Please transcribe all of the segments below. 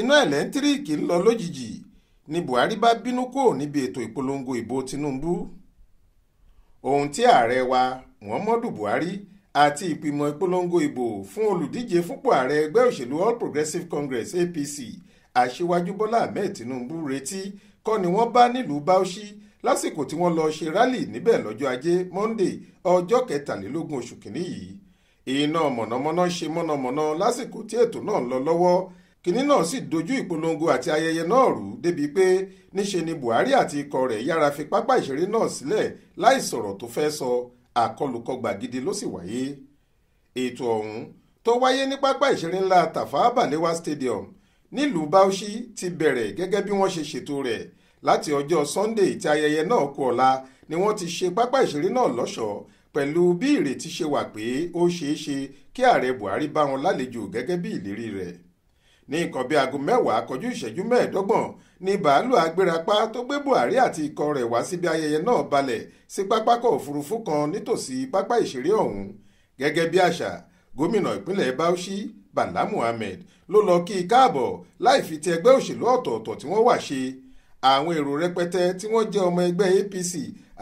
iná ẹ̀lẹ́ńtíríìkì ń lọ lójijì ni Buhari bá bínú kò níbi ètò ìpolongo ìbò Tinubu ohun tí ààrẹ wa Muhammadu Buhari àti ìpìmọ̀ ìpolongo ìbò fún olùdíje fúnpò ààrẹ ẹgbẹ́ òṣèlú All Progressives Congress APC Aṣíwájú Bọ́lá Ahmed Tinubu retí kọ́ ni wọ́n bá nílùú Bauchi lásìkò tí wọ́n lọ ṣe rálì níbẹ̀ lọ́jọ́ ajé Monday ọjọ́ kẹtàlélógún oṣù kìíní yìí iná mọ̀nàmọ́ná ṣe mọ̀nàmọ́ná lásìkò tí ètò náà ń lọ lọ́wọ́ kínní náà sì dojú ìpolongo àti ayẹyẹ náà rú débi pé níṣe ni Buhari àti ikọ̀ rẹ̀ yára fi pápá ìṣeré náà sílẹ̀ láì sọ̀rọ̀ tó fẹ́ sọ àkọlùkọgbà gidi ló sì wáyé ètò ọ̀hún tó wáyé ní pápá ìṣeré ńlá Tafawa Balewa Stadium nílùú Bauchi ti bẹ̀rẹ̀ gẹ́gẹ́ bí wọ́n ṣe ṣètò rẹ̀ láti ọjọ́ Sunday tí ayẹyẹ náà kù ọ̀la ni wọ́n ti ṣe pápá ìṣeré náà lọ́ṣọ̀ọ́ pẹ̀lú bí ìrètí ṣe wà pé ó ṣeé ṣe kí ààrẹ Buhari bá wọn lálejò gẹ́gẹ́ bí ìlérí rẹ̀ ní nǹkan bíi aago mẹ́wàá kọjú ìṣẹ́jú mẹ́ẹ̀ẹ́dọ́gbọ̀n ni bàálù agbérapá tó gbé Buhari àti ikọ̀ rẹ̀ wá síbi ayẹyẹ náà balẹ̀ sí pápákọ̀ òfurufú kan nítòsí pápá ìṣeré ọ̀hún gẹ́gẹ́ bí àṣà gómìnà ìpínlẹ̀ Bauchi Bala Muhammed ló lọ kí i káàbọ̀ láì fi ti ẹgbẹ́ òṣèlú ọ̀tọ̀ọ̀tọ̀ tí wọ́n wà ṣe àwọn èrò rẹpẹtẹ tí wọ́n jẹ́ ọmọ ẹgbẹ́ APC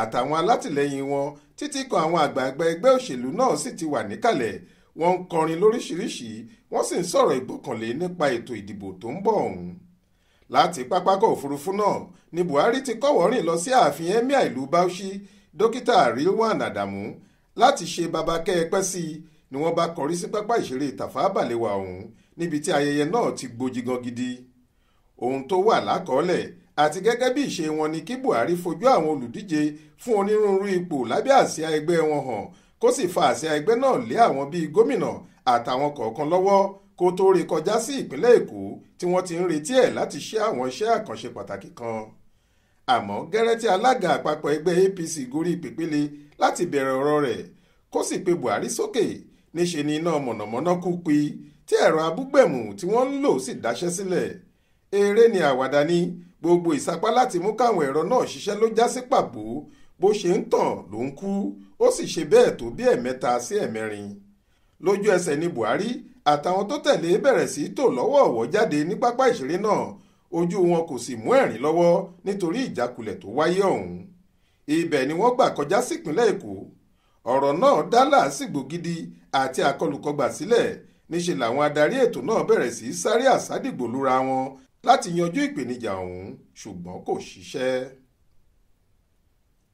àtàwọn alátìlẹyìn wọn títí kan àwọn àgbààgbà ẹgbẹ́ òṣèlú náà sì ti wà níkàlẹ̀ wọ́n ń kọrin lóríṣìíríṣìí wọ́n sì ń sọ̀rọ̀ ìgbọ́kànlé nípa ètò ìdìbò tó ń bọ̀ ọ̀hún láti pápákọ̀ òfurufú náà ni Buhari ti kọ́wọ́ rìn lọ sí ààfin emir ìlú Bauchi dókítà Rilwan Adamu láti ṣe baba kẹ́ẹ̀pẹ́ sí i ni wọ́n bá kọrí sí pápá ìṣeré Tafawa Balewa ọ̀hún níbi tí ayẹyẹ náà ti gbojì gan gidi ohun tó wà lákọọ́lẹ̀ àti gẹ́gẹ́ bí ìṣe wọn ni kí Buhari fojú àwọn olùdíje fún onírúurú ipò lábẹ́ àsíá ẹgbẹ́ wọn hàn kó sì fa àsíá ẹgbẹ́ náà lé àwọn bíi gómìnà àtàwọn kọ̀ọ̀kan lọ́wọ́ kó tó rí kọjá sí ìpínlẹ̀ èkó tí wọ́n ti ń retí ẹ̀ láti ṣe àwọn iṣẹ́ àkànṣe pàtàkì kan àmọ́ gẹ́rẹ́ tí alága àpapọ̀ ẹgbẹ́ apc gorí pèpele láti bẹ̀rẹ̀ ọ̀rọ̀ rẹ̀ kó sì pe buhari sókè níṣe ni iná mọ̀nàmọ́ná kú pi tí ẹ̀rọ abúgbẹ̀mù tí wọ́n ń lò sì dáṣẹ́ sílẹ̀ eré ni àwàdà ni gbogbo ìsapá láti mú káwọn ẹ̀rọ náà ṣiṣẹ́ ló já sí pàbó bó ṣe ń tàn ló ń kú ó sì ṣe bẹ́ẹ̀ tó bí ẹ̀mẹ́ta sí ẹ̀mẹ́rin lójú ẹsẹ̀ ni Buhari àtàwọn tó tẹ̀lé bẹ̀rẹ̀ sí tò lọ́wọ̀ọ̀wọ́ jáde ní pápá ìṣeré náà ojú wọn kò sì mú ẹ̀rín lọ́wọ́ nítorí ìjákulẹ̀ tó wáyé ọ̀hún ibẹ̀ ni wọ́n gbà kọjá sípínlẹ̀ Èkó ọ̀rọ̀ náà dá làásìgbò gidi àti àkọlùkọgbà sílẹ̀ níṣẹ́ làwọn adarí ètò náà bẹ̀rẹ̀ sí sáré àsádìgbò lura wọn láti yanjú ìpèníjà ọ̀hún ṣùgbọ́n kò ṣiṣẹ́